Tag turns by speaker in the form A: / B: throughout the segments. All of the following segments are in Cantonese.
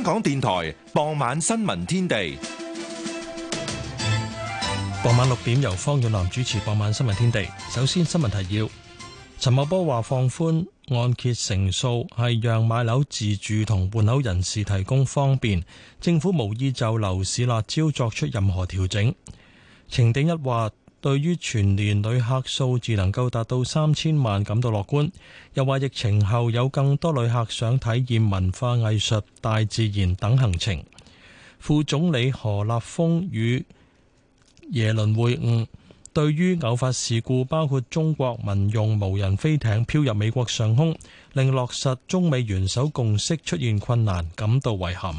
A: 香港電台傍晚新
B: 聞天地，傍晚六點由方遠林主持。傍晚新聞天地，首先新聞提要：陳茂波話放寬按揭成數係讓買樓自住同換樓人士提供方便，政府無意就樓市辣招作出任何調整。情定一話。對於全年旅客數字能夠達到三千萬感到樂觀，又話疫情後有更多旅客想體驗文化藝術、大自然等行程。副總理何立峰與耶倫會晤，對於偶發事故包括中國民用無人飛艇飄入美國上空，令落實中美元首共識出現困難感到遺憾。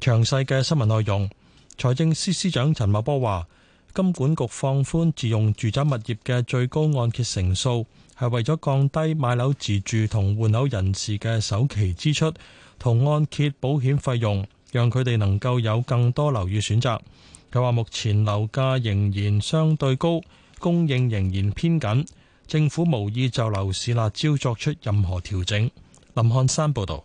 B: 詳細嘅新聞內容。財政司司長陳茂波話。金管局放寬自用住宅物業嘅最高按揭成數，係為咗降低買樓自住同換樓人士嘅首期支出同按揭保險費用，讓佢哋能夠有更多樓宇選擇。佢話目前樓價仍然相對高，供應仍然偏緊，政府無意就樓市辣招作出任何調整。林漢山報道，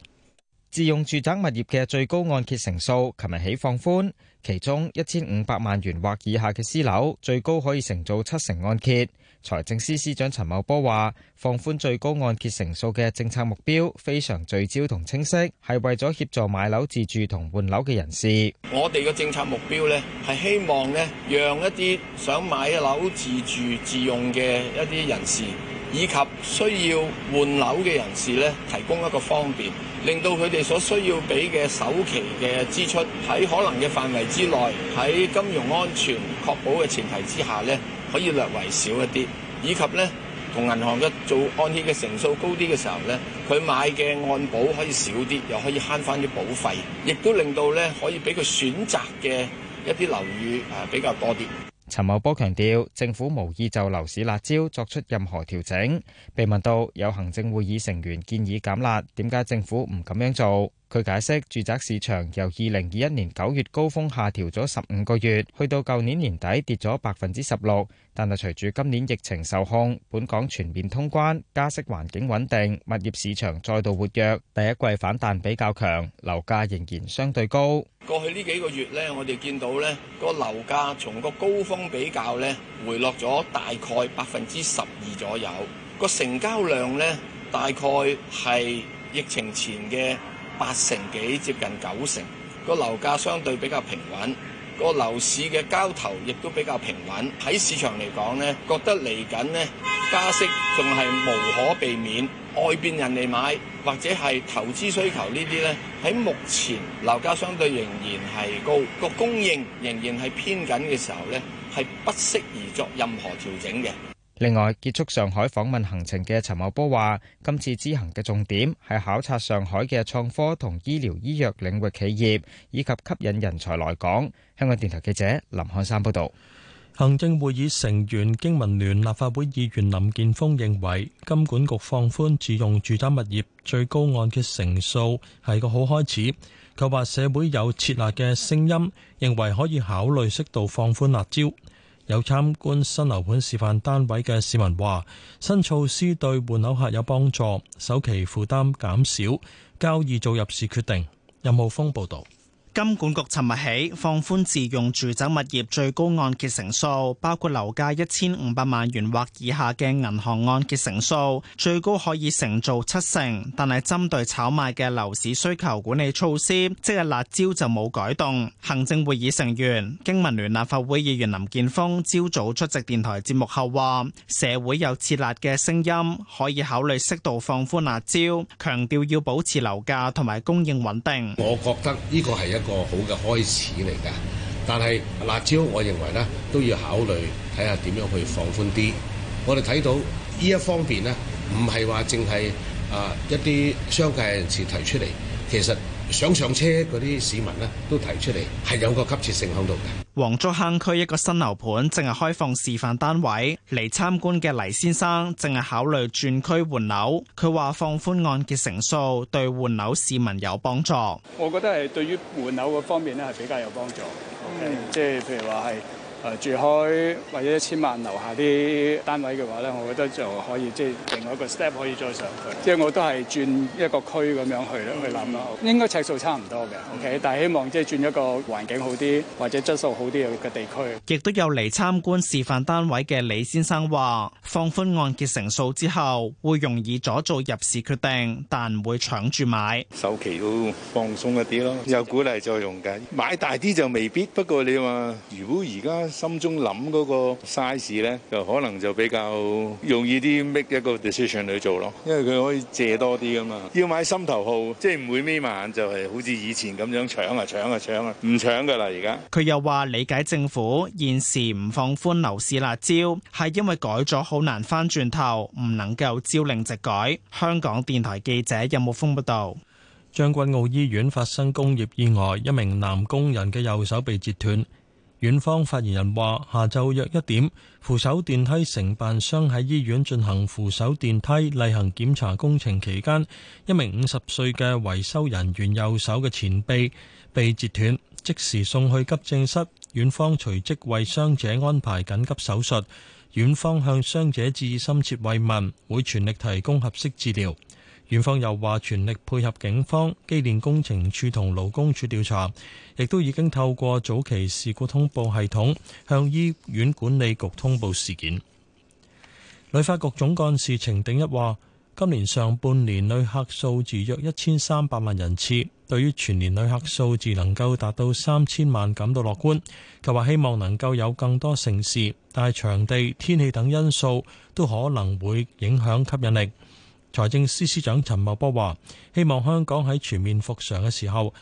B: 自用住宅物業嘅最高按揭成
C: 數，琴日起放寬。其中一千五百萬元或以下嘅私樓，最高可以承做七成按揭。財政司司長陳茂波話：放寬最高按揭成數嘅政策目標非常聚焦同清晰，係為咗協助買樓自住同換樓嘅人士。
D: 我哋嘅政策目標呢，係希望呢，讓一啲想買樓自住自用嘅一啲人士，以及需要換樓嘅人士咧，提供一個方便，令到佢哋所需要俾嘅首期嘅支出喺可能嘅範圍之內，喺金融安全確保嘅前提之下咧，可以略為少一啲。以及咧，同銀行嘅做按揭嘅成數高啲嘅時候咧，佢買嘅按保可以少啲，又可以慳返啲保費，亦都令到咧可以俾佢選擇嘅一啲樓宇誒、啊、比較多啲。
C: 陳茂波強調，政府無意就樓市辣招作出任何調整。被問到有行政會議成員建議減辣，點解政府唔咁樣做？佢解釋，住宅市場由二零二一年九月高峰下調咗十五個月，到去到舊年年底跌咗百分之十六。但係隨住今年疫情受控，本港全面通關，加息環境穩定，物業市場再度活躍，第一季反彈比較強，樓價仍然相對高。
D: 過去呢幾個月呢，我哋見到呢個樓價從個高峰比較呢回落咗大概百分之十二左右，個成交量呢，大概係疫情前嘅八成幾，接近九成，個樓價相對比較平穩，個樓市嘅交投亦都比較平穩。喺市場嚟講呢，覺得嚟緊呢加息仲係無可避免，外邊人嚟買，或者係投資需求呢啲呢，喺目前樓價相對仍然係高，個供應仍然係偏緊嘅時候呢，係不適宜作任何調整嘅。
C: 另外，結束上海訪問行程嘅陳茂波話：今次之行嘅重點係考察上海嘅創科同醫療醫藥領域企業，以
B: 及吸引人才來港。香港電台記者林漢山報導。行政會議成員經民聯立法會議員林健鋒認為，金管局放寬自用住宅物業最高按揭成數係個好開始，佢話社會有撤辣嘅聲音，認為可以考慮適度放寬辣招。有參觀新樓盤示範單位嘅市民話：新措施對換樓客有幫助，首期負擔減少，較易做入市決定。任浩峯報導。
E: 金管局尋日起放寬自用住宅物業最高按揭成數，包括樓價一千五百萬元或以下嘅銀行按揭成數，最高可以承造七成。但係針對炒賣嘅樓市需求管理措施，即係辣招就冇改動。行政會議成員、經民聯立法會議員林健鋒朝早出席電台節目後話，社會有撤辣嘅聲音，可以考慮適度放寬辣招。強調要保持樓價同埋供應穩定。我覺得呢個係一個個
A: 好嘅開始嚟㗎，但係辣椒，我認為呢都要考慮睇下點樣去放寬啲。我哋睇到呢一方面呢，唔係話淨係。啊！一啲商界人士提出嚟，其實想上車嗰啲市民咧，
E: 都提出嚟，係有個急切性響度嘅。黃竹坑區一個新樓盤正係開放示範單位嚟參觀嘅黎先生，正係考慮轉區換樓，佢話放寬按揭成數對換樓市民有幫助。
A: 我覺得係對於換樓個
D: 方面咧係比較有幫助。嗯，okay，即係譬如話，係。誒住開或者一千萬樓下啲單位嘅話咧，我覺得就可以即係另外一個 step 可以再上去， 即係我都係轉一個區咁樣去 去諗咯，應該尺數差唔多嘅，OK。 但係希望即係轉一個環境好啲或者質素好啲嘅地區。
E: 亦都有嚟參觀示範單位嘅李先生話：放寬按揭成數之後，會容易咗做入市
F: 決定，但唔會搶住買。首期都放鬆一啲咯，有鼓勵作用㗎。買大啲就未必，不過你話如果而家心中諗嗰個 size 咧，就可能就比較容易啲 make 一個 decision 去做咯，因為佢可以借多啲啊嘛。要買心頭好，即係唔會眯埋眼，就係、是就是、好似以前咁樣搶啊搶啊搶啊，唔搶噶啦而家。
E: 佢、啊、又話理解政府現時唔放寬樓市辣招，係因為改咗好難翻轉頭，唔能夠朝令夕改。香港
B: 電台記者任木峰報道：將軍澳醫院發生工業意外，一名男工人嘅右手被截斷。院方發言人話：下晝約一點，扶手電梯承辦商喺醫院進行扶手電梯例行檢查工程期間，一名五十歲嘅維修人員右手嘅前臂被截斷，即時送去急症室。院方隨即為傷者安排緊急手術。院方向傷者致深切慰問，會全力提供合適治療。院方又話全力配合警方、機電工程處同勞工處調查，亦都已經透過早期事故通報系統向醫院管理局通報事件。旅發局總幹事程定一話，今年上半年旅客數字約一千三百萬人次，對於全年旅客數字能夠達到三千萬感到樂觀，佢話希望能夠有更多盛事，但係場地、天氣等因素都可能會影響吸引力。財政司司長陳茂波話：希望香港喺全面復常嘅時候，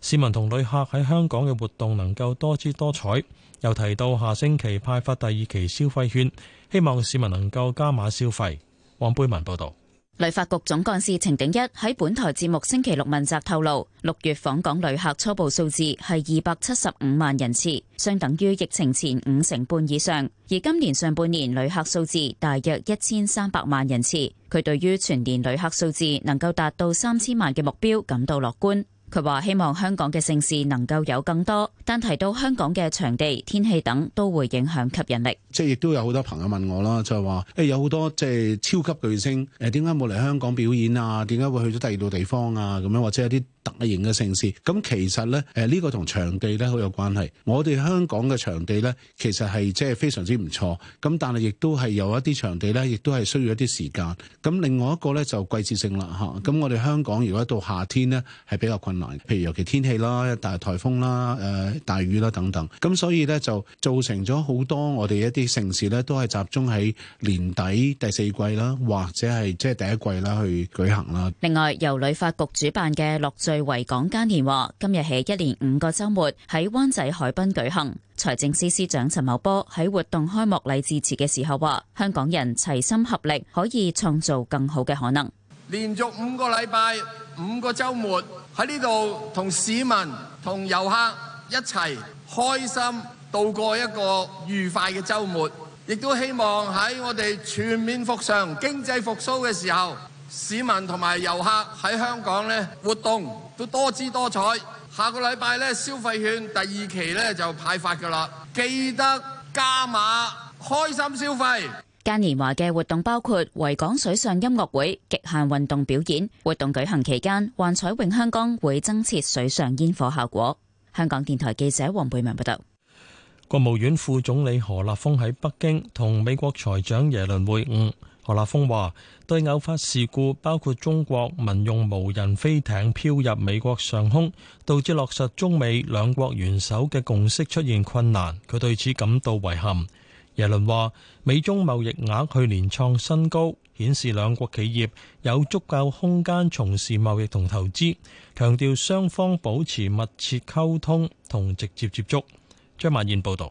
B: 市民同旅客喺香港嘅活動能夠多姿多彩。又提到下星期派發第二期消費券，希望市民能夠加碼消費。黃貝文報道。
G: 旅發局總幹事程鼎一喺本台節目星期六問責透露，六月訪港旅客初步數字係二百七十五萬人次，相等於疫情前五成半以上。而今年上半年旅客數字大約一千三百萬人次，佢對於全年旅客數字能夠達到三千萬嘅目標感到樂觀。佢話希望香港嘅盛事能夠有更多，但提到香港嘅場地、天氣等都會影響吸引力。即係亦都
A: 有好多朋友問我啦，就係話誒有好多即係超級巨星誒點解冇嚟香港表演啊？點解會去咗第二度地方啊？咁樣或者有啲。大型嘅城市，咁其實呢，誒呢個同場地呢好有關係。我哋香港嘅場地呢，其實係即係非常之唔錯。咁但係亦都係有一啲場地呢，亦都係需要一啲時間。咁另外一個呢，就季節性啦，嚇。咁我哋香港如果到夏天呢，係比較困難，譬如尤其天氣啦、大颱風啦、誒大雨啦等等。咁所以呢，就造成咗好多我哋一啲城市呢，都係集中喺年底第四季啦，或者係即係第一季啦去舉行啦。
G: 另外，由旅發局主辦嘅樂聚。維港嘉年華今日起一連五個周末喺灣仔海濱舉行。財政司司長陳茂波喺活動開幕禮致辭嘅時候話，香港人齊心合力，可以創造更好嘅可能。
D: 連續五個禮拜，五個周末喺呢度同市民、同遊客一齊開心度過一個愉快嘅周末，亦都希望喺我哋全面復常、經濟復甦嘅時候，市民同埋遊客喺香港呢活動。都多姿多彩。下個禮拜呢，消費券第二期呢就派發㗎啦。記得加碼開心消費。
G: 嘉年華嘅活動包括維港水上音樂會、極限運動表演。活動舉行期間，幻彩詠香江會增設水上煙火效果。香港電台記者黃佩文報道。國務院副總理何立峰喺北京
B: 同美國財長耶倫會晤。何立峰話：對偶發事故，包括中國民用無人飛艇飄入美國上空，導致落實中美兩國元首嘅共識出現困難，佢對此感到遺憾。耶倫話：美中貿易額去年創新高，顯示兩國企業有足夠空間從事貿易同投資，強調雙方保持密切溝通同直接接觸。張萬燕報道。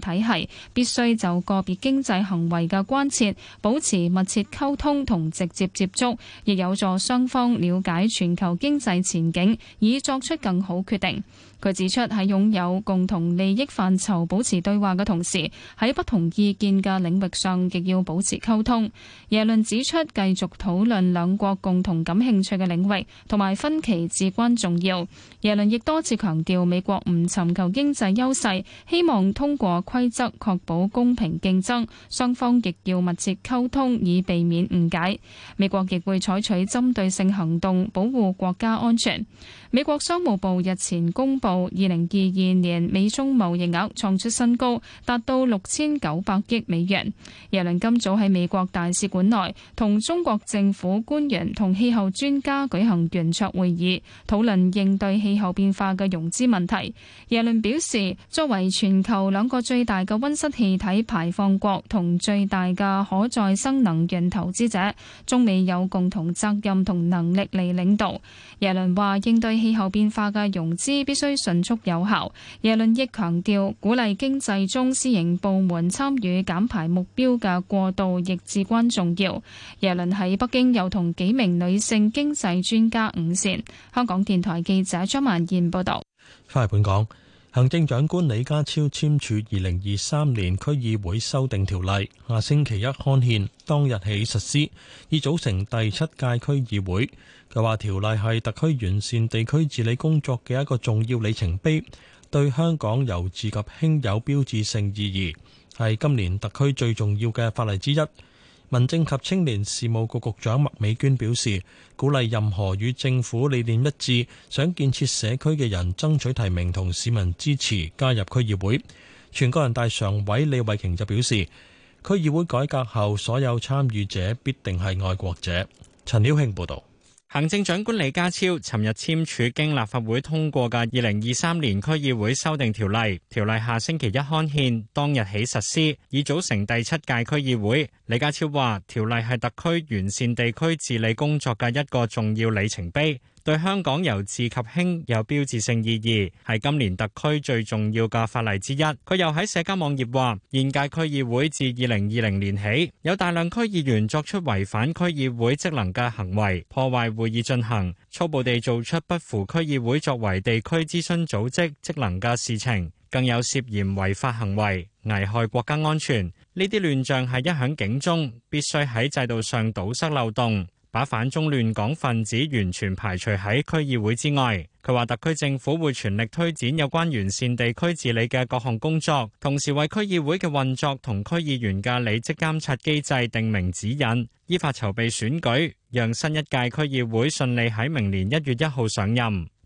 H: 體系必須就個別經濟行為嘅關切保持密切溝通同直接接觸，亦有助雙方了解全球經濟前景，以作出更好決定。佢指出，喺擁有共同利益範疇保持對話嘅同時，喺不同意見嘅領域上亦要保持溝通。耶倫指出，繼續討論兩國共同感興趣嘅領域同埋分歧至關重要。耶倫亦多次強調，美國唔尋求經濟優勢，希望通過規則確保公平競爭，雙方亦要密切溝通，以避免誤解。美國亦會採取針對性行動，保護國家安全。美國商務部日前公布，2022年美中貿易額創出新高，達到6900億美元。耶倫今早喺美國大使館內，同中國政府官員同氣候專家舉行圓桌會議，討論應對氣候變化嘅融資問題。耶倫表示，作為全球兩個最大嘅溫室氣體排放國同最大嘅可再生能源投資者，中美有共同責任同能力嚟領導。耶倫話應對。氣候變化嘅融資必須迅速有效。耶倫亦強調，鼓勵經濟中私營部門參與減排目標嘅過渡亦至關重要。耶倫喺北京又同幾名女性經濟專家午膳。香港電台記者張曼燕報道。
B: 翻嚟本港，行政長官李家超簽署二零二三年區議會修訂條例，下星期一刊憲，當日起實施，以組成第七屆區議會。佢話：條例係特區完善地區治理工作嘅一個重要里程碑，對香港由治及興有標誌性意義，係今年特區最重要嘅法例之一。民政及青年事務局局長麥美娟表示，鼓勵任何與政府理念一致、想建設社區嘅人爭取提名同市民支持加入區議會。全國人大常委李慧瓊就表示，
F: 區議會改革後，所有參與者必定係愛國者。陳曉慶報導。行政長官李家超尋日簽署經立法會通過嘅二零二三年區議會修訂條例，條例下星期一刊憲，當日起實施，已組成第七屆區議會。李家超話：條例係特區完善地區治理工作嘅一個重要里程碑。對香港由治及興有標誌性意義，係今年特區最重要嘅法例之一。佢又喺社交網頁話：現屆區議會自二零二零年起，有大量區議員作出違反區議會職能嘅行為，破壞會議進行，粗暴地做出不符區議會作為地區諮詢組織職能嘅事情，更有涉嫌違法行為，危害國家安全。呢啲亂象係一響警鐘，必須喺制度上堵塞漏洞。把反中亂港分子完全排除喺區議會之外。佢話：特區政府會全力推展有關完善地區治理嘅各項工作，同時為區議會嘅運作同區議員嘅履職監察機制訂明指引，依法籌備選舉，讓新一屆區議會順利喺明年一月一號上任。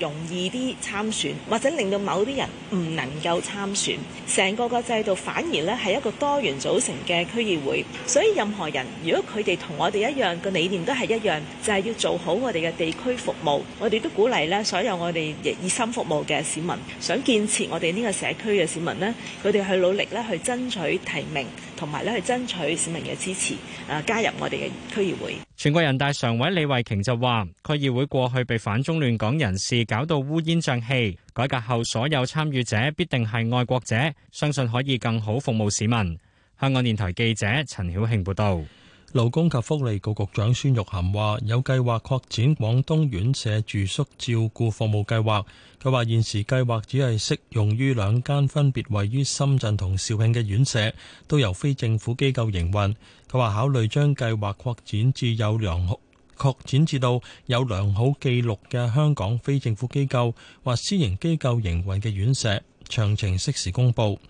G: 容易啲參選，或者令到某啲人唔能夠參選，成個個制度反而咧係一個多元組成嘅區議會。所以任何人，如果佢哋同我哋一樣，個理念都係一樣，就係要做好我哋嘅地區服務。我哋都鼓勵咧所有我哋熱心服務嘅市民，想建設我哋呢個社區嘅市民呢，佢哋去努力咧去爭取提名。同埋咧，去爭取市民嘅支持，誒加入我哋嘅區議會。全
F: 國人大常委李慧瓊就話：區議會過去被反中亂港人士搞到烏煙瘴氣，改革後所有參與者必定係愛國者，相信可以更好服務市民。香港電台記者陳曉慶報道。
B: 勞工及福利局局長孫玉菡話：有計劃擴展廣東院舍住宿照顧服務計劃。佢話現時計劃只係適用於兩間分別位於深圳同肇慶嘅院舍，都由非政府機構營運。佢話考慮將計劃擴展至有良好擴展至到有良好記錄嘅香港非政府機構或私營機構營運嘅院舍，詳情適時公布。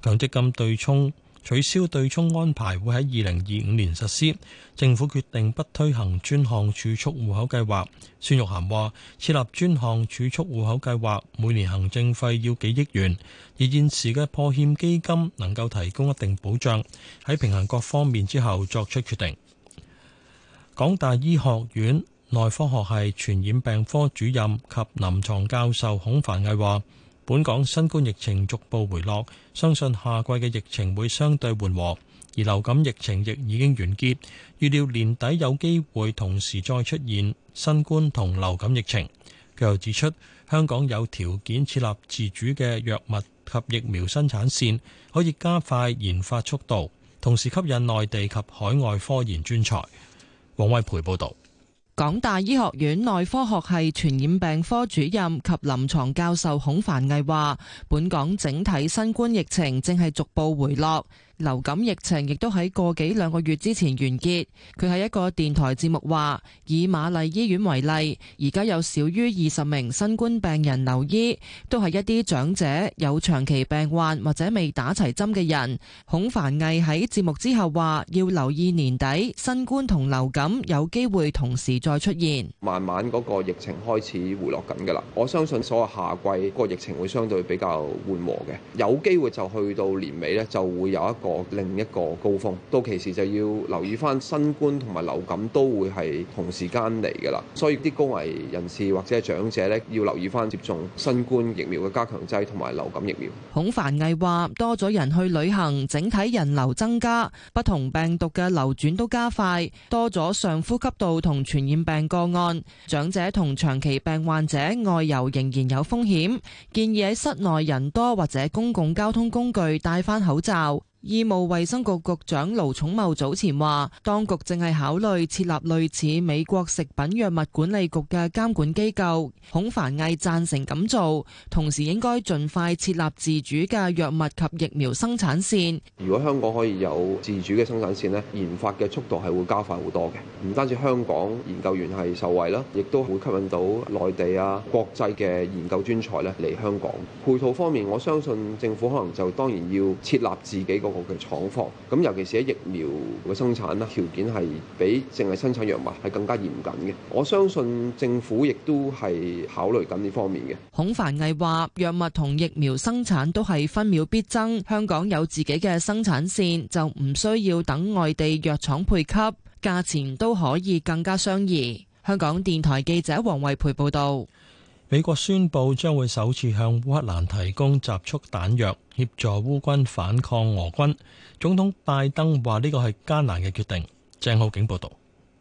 B: 強積金對沖。取消對沖安排會喺二零二五年實施。政府決定不推行專項儲蓄戶口計劃。孫玉菡話：設立專項儲蓄戶口計劃，每年行政費要幾億元，而現時嘅破欠基金能夠提供一定保障。喺平衡各方面之後作出決定。港大醫學院內科學系傳染病科主任及臨床教授孔繁毅話。本港新冠疫情逐步回落，相信夏季嘅疫情會相對緩和，而流感疫情亦已經完結，預料年底有機會同時再出現新冠同流感疫情。佢又指出，香港有條件設立自主嘅藥物及疫苗生產線，可以加快研發速度，同時吸引內地及海外科研專才。王威培報道。
I: 港大醫學院內科學系傳染病科主任及臨床教授孔凡毅話，本港整體新冠疫情正係逐步回落。流感疫情亦都喺過幾兩個月之前完結。佢喺一個電台節目話，以瑪麗醫院為例，而家有少於二十名新冠病人留醫，都係一啲長者、有長期病患或者未打齊針嘅人。孔繁毅喺節目之後話，要留意年底新冠同流感有機會同時再出現。
J: 慢慢嗰個疫情開始回落緊噶啦，我相信所有夏季個疫情會相對比較緩和嘅，有機會就去到年尾咧就會有一個。另一個高峰，到其時就要留意翻新冠同埋流感都會係同時間嚟㗎啦，所以啲高危人士或者係長者咧，要留意翻接種新冠疫苗嘅加強劑同埋流感疫苗。
I: 孔凡毅話：多咗人去旅行，整體人流增加，不同病毒嘅流轉都加快，多咗上呼吸道同傳染病個案。長者同長期病患者外遊仍然有風險，建議喺室內人多或者公共交通工具戴翻口罩。醫務衛生局局長盧寵茂早前話，當局正係考慮設立類似美國食品藥物管理局嘅監管機構。孔凡毅贊成咁做，同時應該盡快設立自主嘅藥物及疫苗生產線。
J: 如果香港可以有自主嘅生產線呢，研發嘅速度係會加快好多嘅。唔單止香港研究員係受惠啦，亦都會吸引到內地啊、國際嘅研究專才呢嚟香港。配套方面，我相信政府可能就當然要設立自己個。好嘅廠房，咁尤其是喺疫苗嘅生產啦，條件係比淨係生產藥物係更加嚴謹嘅。我相信政府亦都係考慮緊呢方面嘅。
I: 孔凡毅話：藥物同疫苗生產都係分秒必爭，香港有自己嘅生產線，就唔需要等外地藥廠配給，價錢都可以更加相宜。香港電台記者黃惠培報道。
B: 美國宣布將會首次向烏克蘭提供集束彈藥。協助烏軍反抗俄軍，總統拜登話呢個係艱難嘅決定。鄭浩景報道，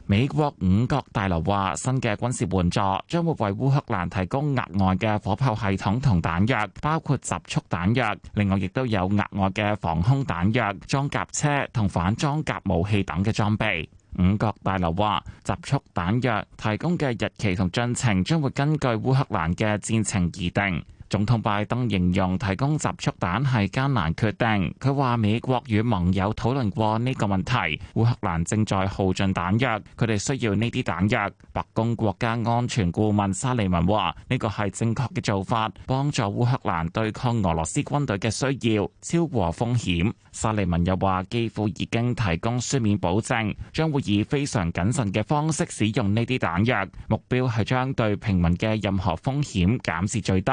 K: 美國五角大樓話新嘅軍事援助將會為烏克蘭提供額外嘅火炮系統同彈藥，包括集束彈藥，另外亦都有額外嘅防空彈藥、裝甲車同反裝甲武器等嘅裝備。五角大樓話集束彈藥提供嘅日期同進程將會根據烏克蘭嘅戰情而定。總統拜登形容提供集束彈係艱難決定。佢話美國與盟友討論過呢個問題。烏克蘭正在耗盡彈藥，佢哋需要呢啲彈藥。白宮國家安全顧問沙利文話呢個係正確嘅做法，幫助烏克蘭對抗俄羅斯軍隊嘅需要，超過風險。沙利文又話幾乎已經提供書面保證，將會以非常謹慎嘅方式使用呢啲彈藥，目標係將對平民嘅任何風險減至最低。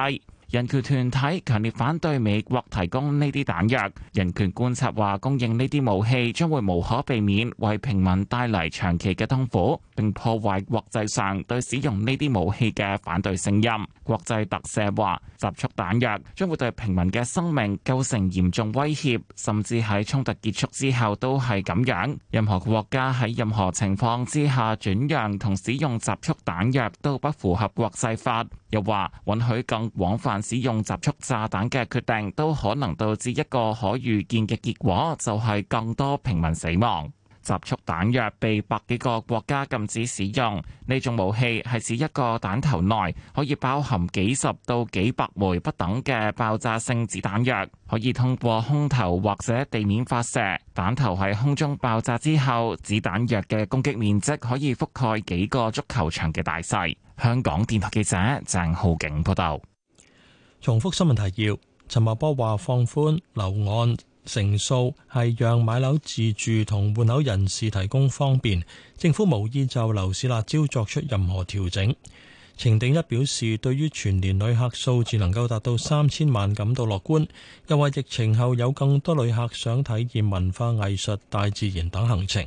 K: 人權團體強烈反對美國提供呢啲彈藥。人權觀察話，供應呢啲武器將會無可避免為平民帶嚟長期嘅痛苦，並破壞國際上對使用呢啲武器嘅反對聲音。國際特赦話，集束彈藥將會對平民嘅生命構成嚴重威脅，甚至喺衝突結束之後都係咁樣。任何國家喺任何情況之下轉讓同使用集束彈藥都不符合國際法，又話允許更廣泛。使用集束炸彈嘅決定都可能導致一個可預見嘅結果，就係更多平民死亡。集束彈藥被百幾個國家禁止使用。呢種武器係指一個彈頭內可以包含幾十到幾百枚不等嘅爆炸性子彈藥，可以通過空投或者地面發射。彈頭喺空中爆炸之後，子彈藥嘅攻擊面積可以覆蓋幾個足球場嘅大細。香港電台記者鄭浩景報道。重複新聞提要。陳茂波話放寬樓按成數
B: 係讓買樓自住同換樓人士提供方便。政府無意就樓市辣招作出任何調整。程鼎一表示，對於全年旅客數字能夠達到三千萬感到樂觀，又話疫情後有更多旅客想體驗文化、藝術、大自然等行程。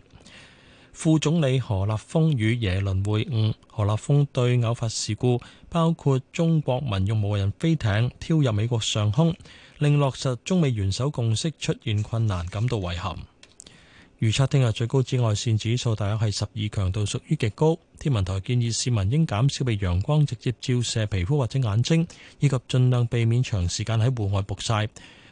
B: 副總理何立峰與耶倫會晤，何立峰對偶發事故，包括中國民用無人飛艇飄入美國上空，令落實中美元首共識出現困難感到遺憾。預測聽日最高紫外線指數大約係十二，強度屬於極高。天文台建議市民應減少被陽光直接照射皮膚或者眼睛，以及盡量避免長時間喺戶外曝曬。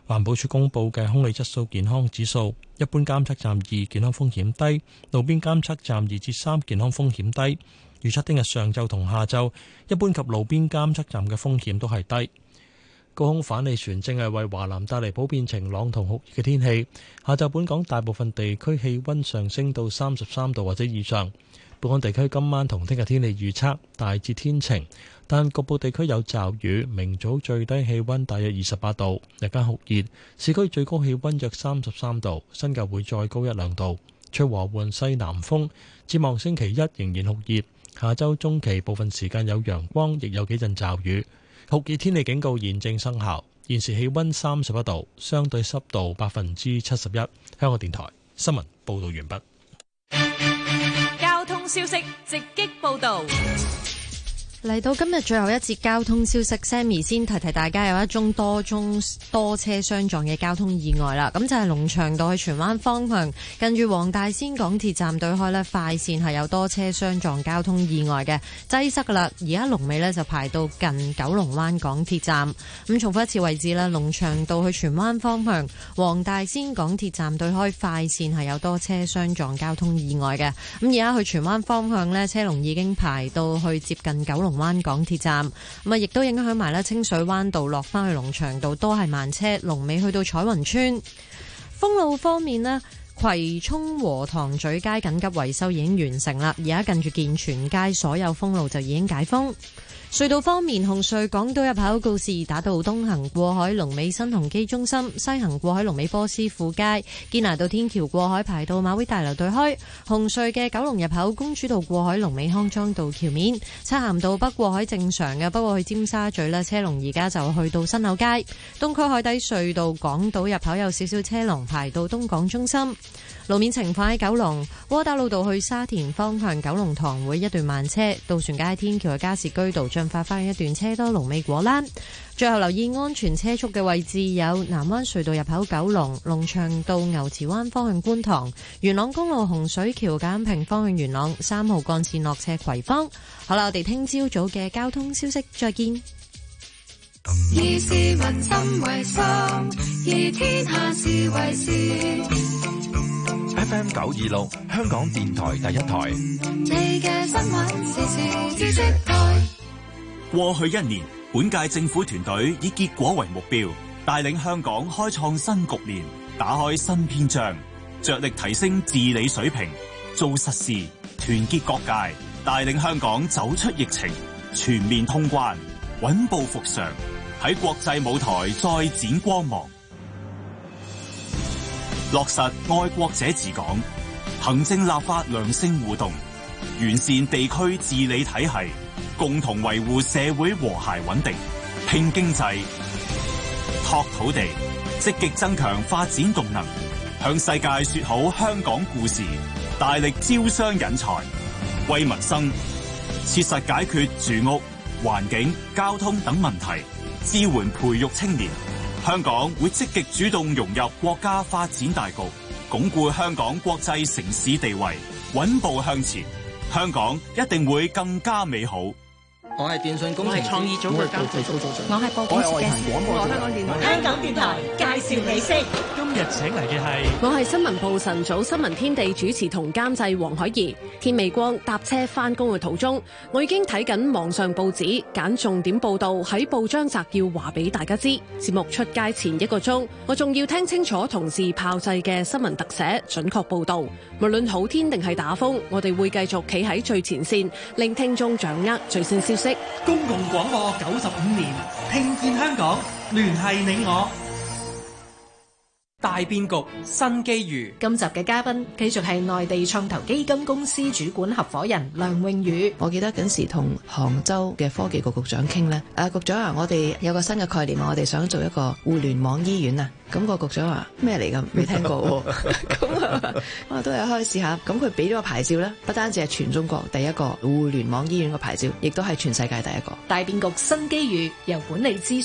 B: 環保署公布嘅空氣質素健康指數，一般監測站二，健康風險低；路邊監測站二至三，3, 健康風險低。預測聽日上晝同下晝，一般及路邊監測站嘅風險都係低。高空反氣旋正係為華南帶嚟普遍晴朗同酷熱嘅天氣。下晝本港大部分地區氣温上升到三十三度或者以上。本港地區今晚同聽日天氣預測大致天晴。但局部地區有驟雨，明早最低氣溫大約二十八度，日間酷熱，市區最高氣溫約三十三度，新界會再高一兩度。吹和緩西南風，展望星期一仍然酷熱，下周中期部分時間有陽光，亦有幾陣驟雨。酷熱天氣警告現正生效，現時氣溫三十一度，相對濕度百分之七十一。香港電台新聞報道完畢。
I: 交通消息直擊報道。
L: 嚟到今日最後一節交通消息，Sammy 先提提大家有一宗多宗多車相撞嘅交通意外啦。咁就係龍翔道去荃灣方向，近住黃大仙港鐵站對開咧快線係有多車相撞交通意外嘅擠塞啦。而家龍尾咧就排到近九龍灣港鐵站。咁重複一次位置咧，龍翔道去荃灣方向，黃大仙港鐵站對開快線係有多車相撞交通意外嘅。咁而家去荃灣方向咧，車龍已經排到去接近九龍。灣港鐵站咁啊，亦都影響埋啦。清水灣道落翻去龍翔道都係慢車，龍尾去到彩雲村。封路方面咧，葵涌和塘咀街緊急維修已經完成啦。而家近住建全街所有封路就已經解封。隧道方面，紅隧港島入口告士打道東行過海龍尾新鴻基中心，西行過海龍尾波斯富街，堅拿道天橋過海排到馬會大樓對開。紅隧嘅九龍入口公主道過海龍尾康莊道橋面，漆咸道北過海正常嘅，不過去尖沙咀咧車龍而家就去到新口街。東區海底隧道，隧道港島入口有少少車龍排到東港中心。路面情況喺九龍窩打老道去沙田方向九龍塘會一段慢車，渡船街天橋嘅加士居道。上發發現一段車多龍尾果欄，最後留意安全車速嘅位置有南灣隧道入口九龍、九龍龍翔道牛池灣方向觀塘、元朗公路洪水橋隔音屏方向元朗、三號幹線落赤葵芳。好啦，我哋聽朝早嘅交通消息，再見。
K: 以市民心為心，以天下事
A: 為事。FM 九二六，26, 香港電台第一台。
L: 你嘅
A: 新聞，時事知識。過去一年，本屆政府團隊以結果為目標，帶領香港開創新局面，打開新篇章，着力提升治理水平，做實事，團結各界，帶領香港走出疫情，全面通關，穩步復常，喺國際舞台再展光芒，落實愛國者治港，行政立法良性互動。完善地區治理體系，共同維護社會和諧穩定。拼經濟，拓土地，積極增強發展動能，向世界說好香港故事。大力招商引才，惠民生，切實解決住屋、環境、交通等問題，支援培育青年。香港會積極主動融入國家發展大局，鞏固香港國際城市地位，穩步向前。香港一定會更加美好。我係電
B: 訊公司
E: 創意組嘅嘉琪操
B: 作長，我係報
A: 警時嘅，我
B: 係香港電台介紹你
A: 先。今日請嚟嘅係
L: 我係新聞部晨早新聞天地主持同監製黃海怡。天未光，搭車返工嘅途中，我已經睇緊網上報紙，揀重點報道喺報章摘要話俾大家知。節目出街前一個鐘，我仲要聽清楚同事炮製嘅新聞特寫準確報道。無論好天定係打風，我哋會繼續企喺最前綫，令聽眾掌握最新消息。公共廣播九十五年，聽
A: 見香港，聯繫你我。大變局，新機遇。
I: 今集嘅嘉賓繼續係內地創投基金公司主管合夥人梁穎宇。我記得嗰時同杭州嘅科技局局長傾咧，啊局長啊，我哋有個新嘅概念啊，我哋想做一個互聯網醫院啊。咁個局長話咩嚟？咁未聽過。
K: 咁
I: 我、 啊、都係一開始下。咁佢俾咗個牌照咧，不單止係全中國第一個
H: 互聯網醫院嘅牌照，亦都係全世界第一個。大變局，新機遇。由管理資。